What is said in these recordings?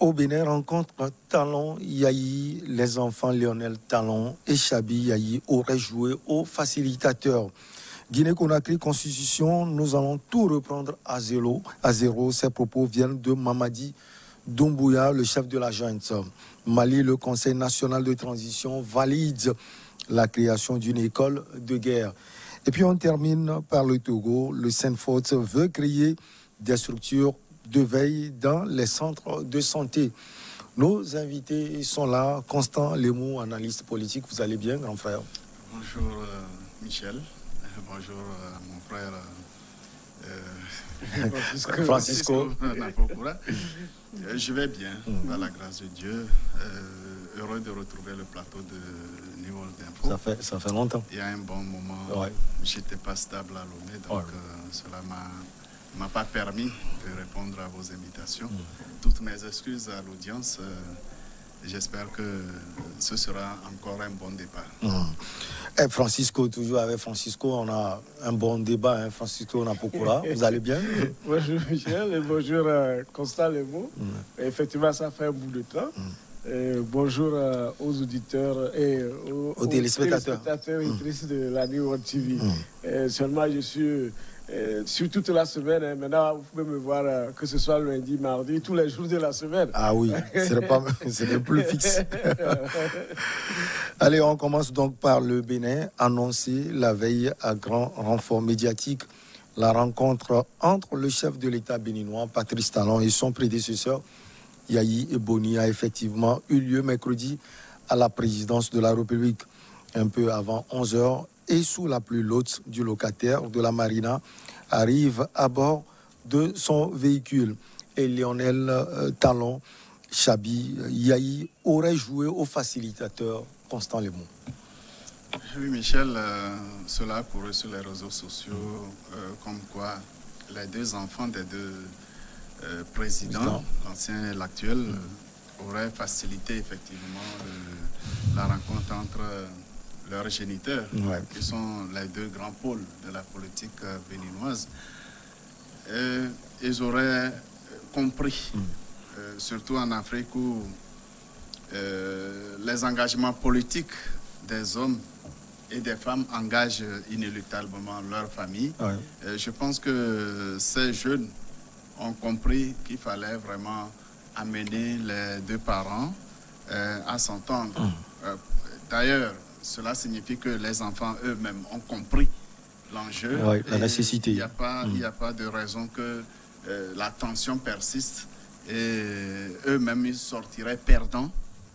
Au Bénin, rencontre Talon Yahi, les enfants Lionel Talon et Chabi Yahi auraient joué au facilitateur. Guinée-Conakry, constitution, nous allons tout reprendre à zéro. À zéro, ces propos viennent de Mamadi Doumbouya, le chef de la junte. Mali, le Conseil national de transition valide la création d'une école de guerre. Et puis on termine par le Togo. Le Seine-Fort veut créer des structures de veille dans les centres de santé. Nos invités sont là. Constant Lemou, analyste politique, vous allez bien, grand frère Bonjour euh, Michel. Bonjour euh, mon frère euh, Francisco. Je vais bien, mm. par la grâce de Dieu. heureux de retrouver le plateau de niveau d'info. Ça fait, longtemps. Il y a un bon moment. Ouais. J'étais pas stable à Lomé, donc cela m'a m'a pas permis de répondre à vos invitations. Toutes mes excuses à l'audience. Euh, j'espère que ce sera encore un bon débat. Mm. Eh, Francisco, toujours avec Francisco, on a un bon débat. Hein. Francisco là. vous allez bien Bonjour Michel et bonjour euh, Constant Lemo. Mm. Effectivement, ça fait un bout de temps. Mm. bonjour euh, aux auditeurs et aux, téléspectateurs, téléspectateurs de la New World TV. seulement, je suis euh, sur toute la semaine. Hein. Maintenant, vous pouvez me voir euh, que ce soit lundi, mardi, tous les jours de la semaine. Ah oui, c'est pas, le plus fixe. Allez, on commence donc par le Bénin, annoncé la veille à grand renfort médiatique. La rencontre entre le chef de l'État béninois, Patrice Talon, et son prédécesseur, Yahi Boni, a effectivement eu lieu mercredi à la présidence de la République. Un peu avant 11 h et sous la plus haute du locataire de la marina arrive à bord de son véhicule. Et Lionel euh, Talon, Chabi, euh, Yahi aurait joué au facilitateur Constant Lemont. Oui, Michel, euh, cela cela couru sur les réseaux sociaux, comme quoi les deux enfants des deux présidents, l'ancien et l'actuel, mm. auraient facilité effectivement la rencontre entre leurs géniteurs, qui sont les deux grands pôles de la politique euh, béninoise, euh, ils auraient euh, compris, mm. surtout en Afrique où les engagements politiques des hommes et des femmes engagent inéluctablement leur famille. je pense que ces jeunes ont compris qu'il fallait vraiment amener les deux parents à s'entendre. Mm. D'ailleurs, cela signifie que les enfants eux-mêmes ont compris l'enjeu. la nécessité. Il n'y a, mm. pas de raison que euh, la tension persiste et eux-mêmes, ils sortiraient perdants,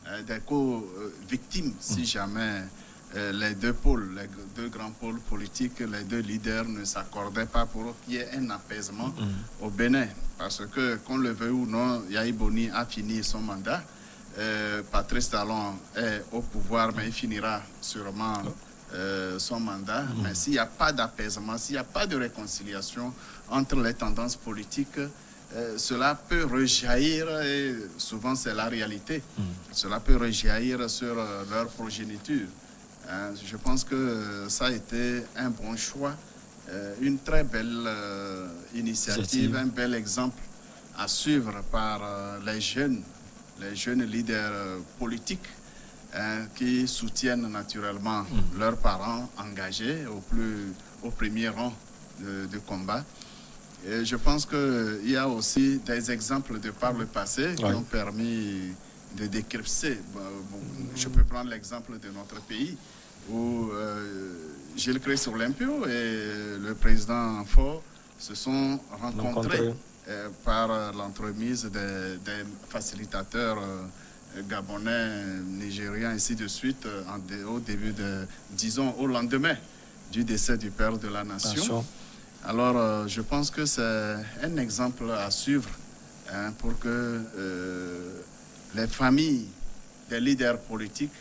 euh, des co-victimes, mm. si jamais euh, les deux pôles, les deux grands pôles politiques, les deux leaders ne s'accordaient pas pour qu'il y ait un apaisement mm. au Bénin. Parce que, qu'on le veuille ou non, Yahi Boni a fini son mandat. Euh, Patrice Talon est au pouvoir, mais il finira sûrement euh, son mandat. Mm. Mais s'il n'y a pas d'apaisement, s'il n'y a pas de réconciliation entre les tendances politiques, euh, cela peut rejaillir, et souvent c'est la réalité, mm. cela peut rejaillir sur leur progéniture. Hein. je pense que ça a été un bon choix, une très belle initiative, un bel exemple à suivre par les jeunes les jeunes leaders euh, politiques hein, qui soutiennent naturellement mm. leurs parents engagés au, plus, au premier rang de, combat. je pense qu'il y a aussi des exemples de par le passé qui ont permis de décrypter. Mm. Je peux prendre l'exemple de notre pays où euh, Gilles Christ Olympio et le président Faux se sont rencontrés. Euh, par euh, l'entremise des, facilitateurs euh, gabonais, nigériens, ainsi de suite, en, au début de, disons, au lendemain du décès du père de la nation. Alors, je pense que c'est un exemple à suivre hein, pour que les familles des leaders politiques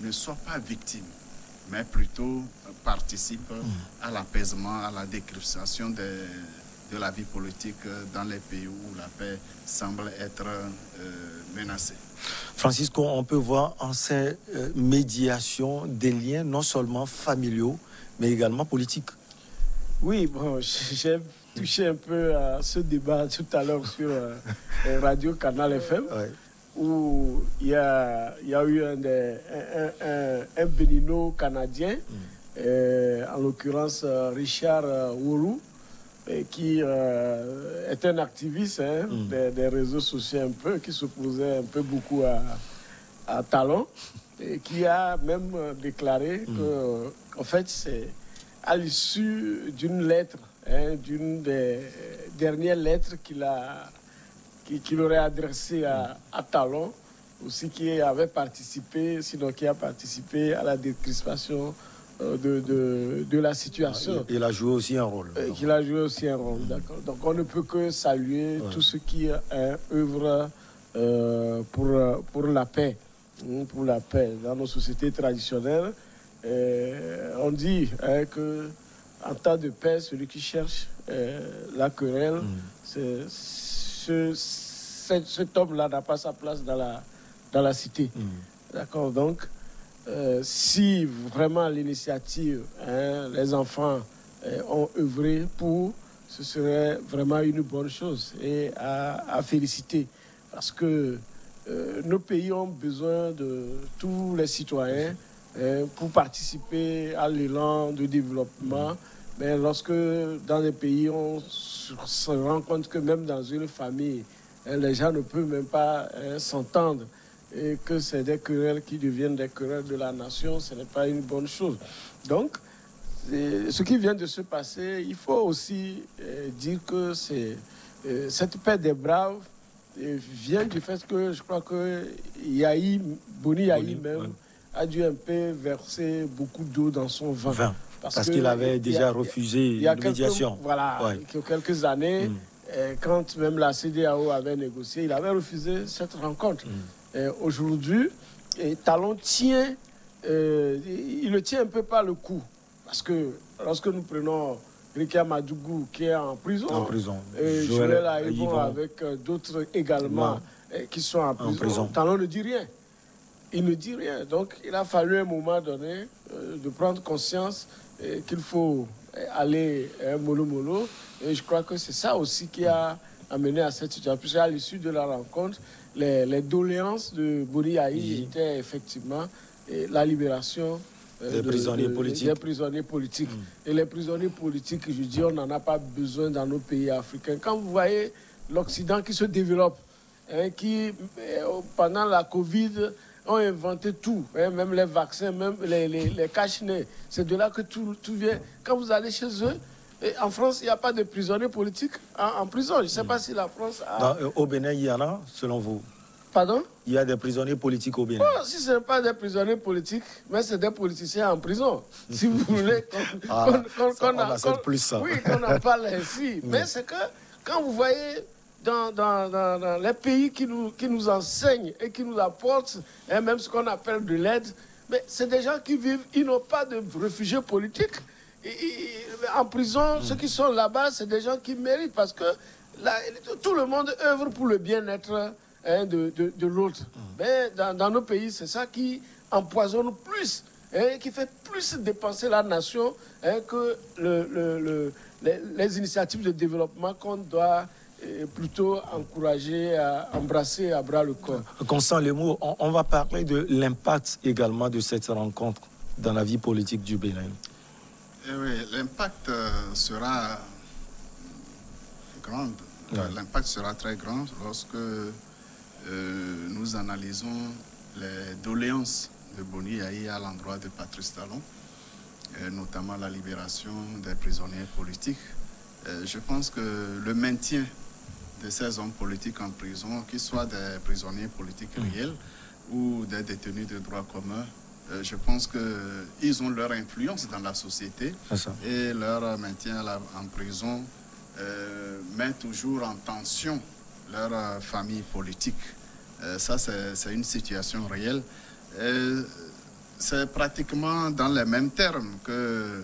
ne soient pas victimes, mais plutôt participent hmm. à l'apaisement, à la décryptation des de la vie politique euh, dans les pays où la paix semble être euh, menacée. Francisco, on peut voir en ces euh, médiations des liens non seulement familiaux, mais également politiques. Oui, bon, j'ai touché un peu à ce débat tout à l'heure sur Radio Canal FM, où il y a, eu un, bénino canadien, mm. en l'occurrence Richard Wourou, qui euh, est un activiste hein, mm. des, réseaux sociaux un peu, qui s'opposait un peu beaucoup à, à, Talon, et qui a même euh, déclaré mm. que, euh, en fait, c'est à l'issue d'une lettre, hein, d'une des dernières lettres qu'il a qu'il aurait adressée à, mm. à, Talon, aussi qui avait participé, sinon qui a participé à la décrispation euh, de, de, la situation. Ah, il, a joué aussi un rôle. Euh, il a joué aussi un rôle, d'accord. Donc on ne peut que saluer tout ce qui euh, œuvre euh, pour, pour la paix, hein, pour la paix dans nos sociétés traditionnelles. on dit hein, que en temps de paix, celui qui cherche la querelle, mm. ce, cet, homme-là n'a pas sa place dans la, dans la cité. Mm. D'accord, donc euh, si vraiment l'initiative, hein, les enfants euh, ont œuvré pour, ce serait vraiment une bonne chose et à, féliciter. Parce que euh, nos pays ont besoin de tous les citoyens hein, pour participer à l'élan de développement. Mais lorsque dans les pays, on se rend compte que même dans une famille, hein, les gens ne peuvent même pas s'entendre et que c'est des querelles qui deviennent des querelles de la nation, ce n'est pas une bonne chose. Donc, ce qui vient de se passer, il faut aussi euh, dire que euh, cette paix des braves euh, vient du fait que je crois que Yahi, Boni Yahi même, a dû un peu verser beaucoup d'eau dans son vin. Parce, qu'il avait déjà refusé la y il y a quelques, Voilà, quelques années, mm. quand même la CDAO avait négocié, il avait refusé cette rencontre. Mm. Euh, aujourd'hui, euh, Talon tient, euh, il ne tient un peu pas le coup, Parce que lorsque nous prenons Rikia Madougou qui est en prison, en prison. Et Joël avec d'autres également qui sont en prison. Talon ne dit rien. Il ne dit rien. Donc il a fallu un moment donné de prendre conscience qu'il faut aller mollo mollo. Et je crois que c'est ça aussi qui a amené à cette situation. à l'issue de la rencontre, les, doléances de Bouriaï étaient effectivement eh, la libération euh, des prisonniers politiques. prisonniers mm. politiques. Et les prisonniers politiques, je dis, on n'en a pas besoin dans nos pays africains. Quand vous voyez l'Occident qui se développe, hein, qui, eh, oh, pendant la Covid, ont inventé tout, hein, même les vaccins, même les, les, les c'est de là que tout, tout vient. Quand vous allez chez eux, en France, il n'y a pas de prisonniers politiques hein, en, prison. Je ne sais pas si la France a... Euh, au Bénin, il y en a, selon vous Pardon Il y a des prisonniers politiques au Bénin. Non, oh, si ce n'est pas des prisonniers politiques, mais c'est des politiciens en prison. Si vous voulez qu'on ah, plus ça. Oui, qu'on en parle ainsi. mais c'est que quand vous voyez dans, les pays qui nous, enseignent et qui nous apportent, hein, même ce qu'on appelle de l'aide, mais c'est des gens qui vivent, ils n'ont pas de réfugiés politiques en prison, ceux qui sont là-bas, c'est des gens qui méritent parce que là, tout le monde œuvre pour le bien-être hein, de, l'autre. Mais dans, nos pays, c'est ça qui empoisonne plus, hein, qui fait plus dépenser la nation hein, que le, les, initiatives de développement qu'on doit euh, plutôt encourager à embrasser à bras le corps. Constant Lemour, on va parler de l'impact également de cette rencontre dans la vie politique du Bénin. Eh l'impact euh, sera euh, grand. L'impact sera très grand lorsque euh, nous analysons les doléances de Boni Aïe à l'endroit de Patrice Talon, notamment la libération des prisonniers politiques. je pense que le maintien de ces hommes politiques en prison, qu'ils soient des prisonniers politiques mm. réels ou des détenus de droit commun, euh, je pense qu'ils ont leur influence dans la société et leur maintien en prison euh, met toujours en tension leur euh, famille politique. ça, c'est une situation réelle. C'est pratiquement dans les mêmes termes que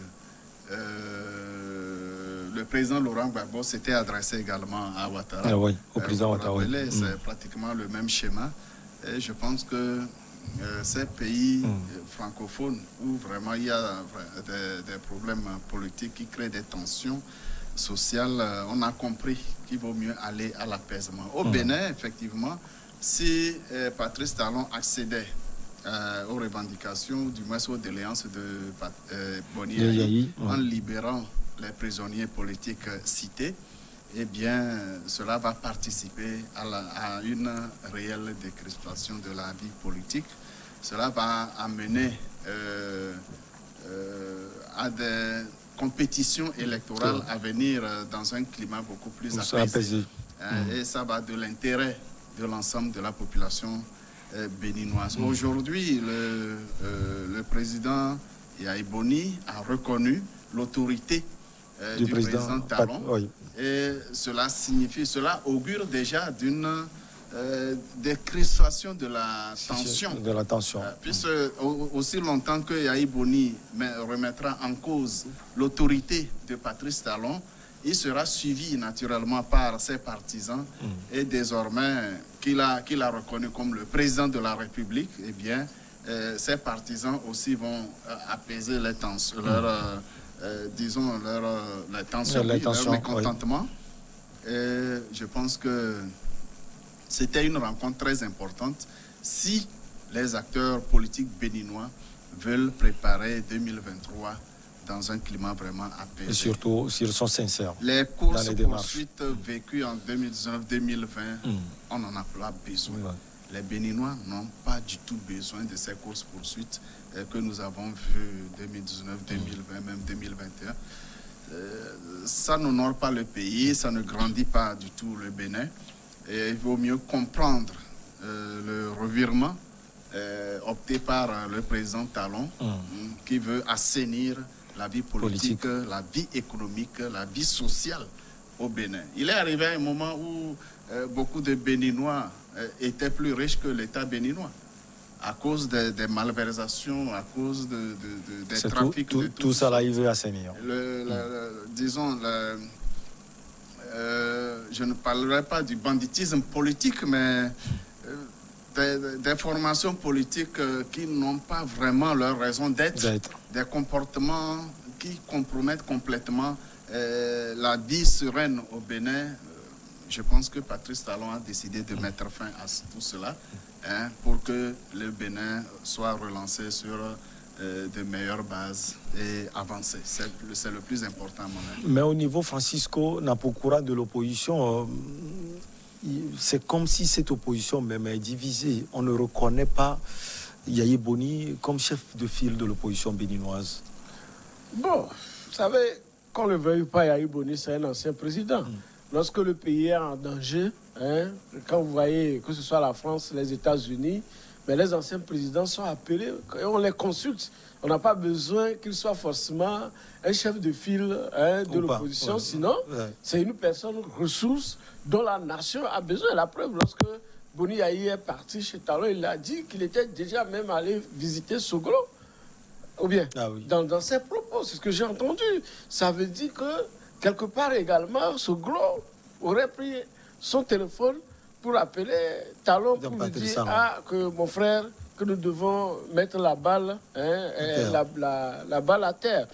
le président Laurent Gbagbo s'était adressé également à Ouattara. Ah oui, au président Ouattara. C'est mm. pratiquement le même schéma. Et je pense que euh, ces pays mm. euh, francophones où vraiment il y a des, problèmes politiques qui créent des tensions sociales, euh, on a compris qu'il vaut mieux aller à l'apaisement. Au mm. Bénin, effectivement, si Patrice Talon accédait aux revendications, du moins aux de Bonnier, en libérant les prisonniers politiques cités, eh bien, cela va participer à, une réelle décrispation de la vie politique. Cela va amener euh, euh, à des compétitions électorales à venir euh, dans un climat beaucoup plus apaisé. Mm. Et ça va de l'intérêt de l'ensemble de la population béninoise. Mm. Aujourd'hui, le, le président Yaïboni a reconnu l'autorité euh, du, président, Talon. Et cela signifie, cela augure déjà d'une euh, de la tension. De la tension. Euh, puisque aussi longtemps que Yahi Boni remettra en cause l'autorité de Patrice Talon, il sera suivi naturellement par ses partisans mm. et désormais qu'il a, qu'il a reconnu comme le président de la République, eh bien, euh, ces partisans aussi vont euh, apaiser les tensions, hmm. leur, euh, disons, leur, leur mécontentement. je pense que c'était une rencontre très importante. Si les acteurs politiques béninois veulent préparer 2023 dans un climat vraiment apaisé. Et surtout s'ils sont sincères. Les courses dans les démarches. vécues en 2019-2020, hmm. on en a pas besoin les Béninois n'ont pas du tout besoin de ces courses poursuites euh, que nous avons vues 2019, 2020, mm. même 2021. Euh, ça n'honore pas le pays, ça ne grandit pas du tout le Bénin. Et il vaut mieux comprendre euh, le revirement opté par le président Talon, mm. Mm, qui veut assainir la vie politique, la vie économique, la vie sociale au Bénin. Il est arrivé à un moment où euh, beaucoup de Béninois euh, étaient plus riches que l'État béninois à cause des, malversations, à cause de, des trafics. Tout, ça l'a à à mm. disons, euh, je ne parlerai pas du banditisme politique, mais des, des, formations politiques qui n'ont pas vraiment leur raison d'être, des comportements qui compromettent complètement euh, la vie sereine au Bénin, euh, je pense que Patrice Talon a décidé de mettre fin à tout cela hein, pour que le Bénin soit relancé sur euh, de meilleures bases et avancé C'est le, plus important, moment. Mais au niveau Francisco Napokura de l'opposition, c'est comme si cette opposition même est divisée. On ne reconnaît pas Yaye Boni comme chef de file de l'opposition béninoise. Bon, vous savez, qu'on le veuille pas, Yahi Boni, c'est un ancien président. Lorsque le pays est en danger, hein, quand vous voyez que ce soit la France, les États-Unis, mais ben, les anciens présidents sont appelés et on les consulte. On n'a pas besoin qu'il soit forcément un chef de file hein, de l'opposition, sinon c'est une personne ressource dont la nation a besoin. La preuve, lorsque Boni Yahi est parti chez Talon, il a dit qu'il était déjà même allé visiter Soglo. ou bien ah dans, dans ses propres Oh, c'est ce que j'ai entendu. Ça veut dire que, quelque part également, ce gros aurait pris son téléphone pour appeler Talon pour lui dire hein. ah, que mon frère, que nous devons mettre la balle, hein, hein, la, balle à terre.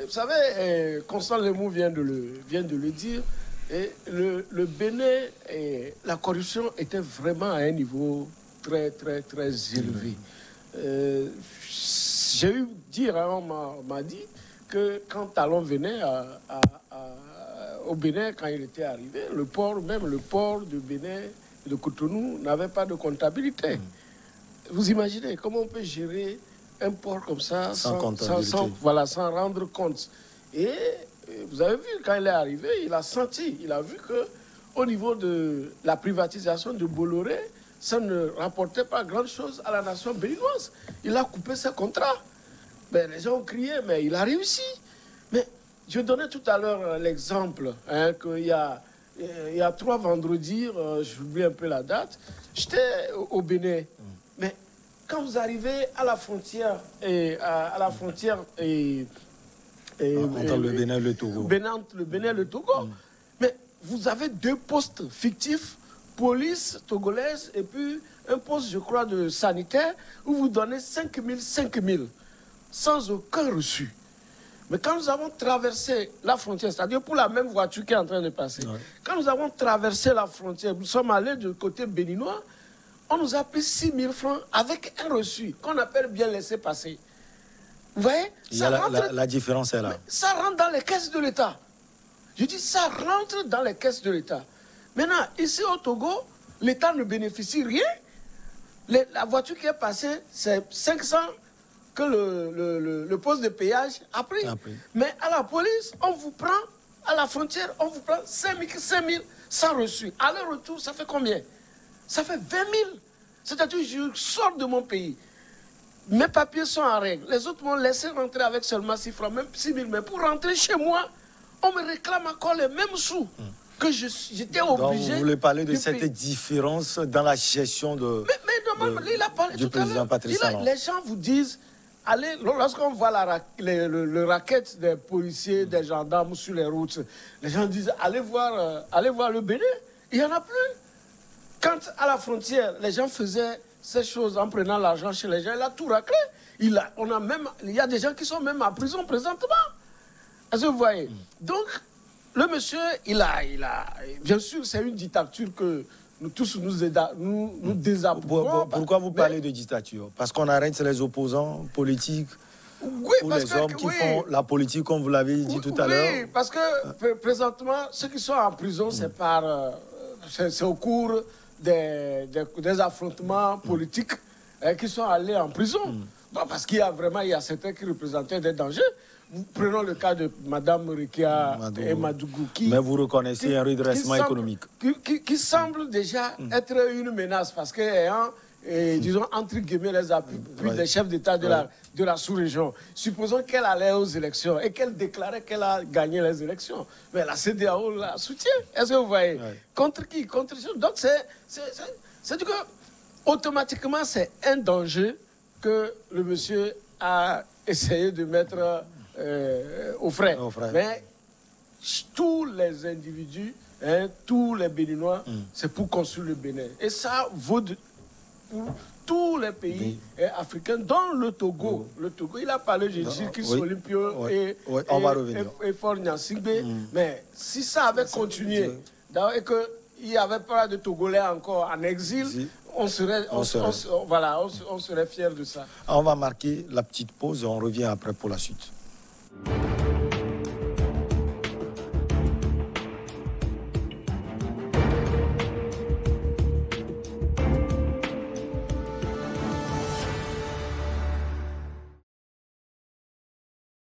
vous savez, eh, Constant Lemou vient de le, vient de le dire. Et le, le Bénin, et la corruption était vraiment à un niveau très, très, très élevé. Euh, j'ai eu dire, hein, m'a dit que quand Talon venait au Bénin, quand il était arrivé, le port, même le port de Bénin, de Cotonou, n'avait pas de comptabilité. Mm. Vous imaginez comment on peut gérer un port comme ça sans, voilà, sans rendre compte. Et vous avez vu, quand il est arrivé, il a senti, il a vu que au niveau de la privatisation de Bolloré, ça ne rapportait pas grand-chose à la nation béninoise. Il a coupé ses contrats. Ben, les gens ont crié, mais il a réussi. Mais je donnais tout à l'heure euh, l'exemple hein, qu'il y a, euh, il y trois vendredis, euh, j'oublie un peu la date, j'étais au Bénin. Mais quand vous arrivez à la frontière et à, la frontière et, entre le Bénin et le Togo, mm. mais vous avez deux postes fictifs police togolaise et puis un poste, je crois, de sanitaire où vous donnez 5 000, 5 000, sans aucun reçu. Mais quand nous avons traversé la frontière, c'est-à-dire pour la même voiture qui est en train de passer, quand nous avons traversé la frontière, nous sommes allés du côté béninois, on nous a pris 6 000 francs avec un reçu qu'on appelle bien laisser passer. Vous voyez ça la, rentre... différence est là. ça rentre dans les caisses de l'État. Je dis, ça rentre dans les caisses de l'État. Maintenant, ici au Togo, l'État ne bénéficie rien. la voiture qui est passée, c'est 500 que le, poste de péage a pris. Mais à la police, on vous prend, à la frontière, on vous prend 5 000, sans reçu. À leur retour, ça fait combien Ça fait 20 000. C'est-à-dire, je sors de mon pays. Mes papiers sont en règle. Les autres m'ont laissé rentrer avec seulement 6 francs, même 6 000. Mais pour rentrer chez moi, on me réclame encore les mêmes sous. Hum que j'étais obligé... vous voulez parler de cette différence dans la gestion de... Mais, mais il a parlé du président Patrice Les gens vous disent, allez, lorsqu'on voit la, le, racket des policiers, des gendarmes sur les routes, les gens disent, allez voir, euh, allez voir le Bénin, il n'y en a plus. Quand à la frontière, les gens faisaient ces choses en prenant l'argent chez les gens, il a tout raclé. Il, a, on a même, il y a des gens qui sont même en prison présentement. Est-ce que vous voyez Donc, le monsieur, il a, il a. Bien sûr, c'est une dictature que nous tous nous, nous, désapprouvons. Bah, pourquoi vous parlez de dictature Parce qu'on arrête les opposants politiques ou les hommes qui font la politique, comme vous l'avez dit tout à l'heure Oui, parce que présentement, ceux qui sont en prison, c'est mm. par. Euh, c'est au cours des, des, affrontements mm. politiques qu'ils hein, qui sont allés en prison. Mm. Bah, parce qu'il y a vraiment il y a certains qui représentaient des dangers. Prenons le cas de Mme Rikia et Qui, Mais vous reconnaissez un redressement économique. Qui, semble déjà mm. être une menace parce qu'elle hein, et mm. disons, entre guillemets, les appuis mm. des chefs d'État de, la, de la sous-région, supposons qu'elle allait aux élections et qu'elle déclarait qu'elle a gagné les élections. Mais la CDAO la soutient. Est-ce que vous voyez Contre qui Contre Donc, c'est. C'est que automatiquement, c'est un danger que le monsieur a essayé de mettre euh, euh, aux, frères. Mais tous les individus, hein, tous les Béninois, mm. c'est pour construire le Bénin. Et ça vaut pour tous les pays hein, africains, dont le Togo. Le Togo, il a parlé de dis oui. Olympio et, On et, et, et Fort mm. Mais si ça avait continué, et qu'il n'y avait pas de Togolais encore en exil, on serait, on, on serait fiers de ça. On va marquer la petite pause et on revient après pour la suite. Thank you.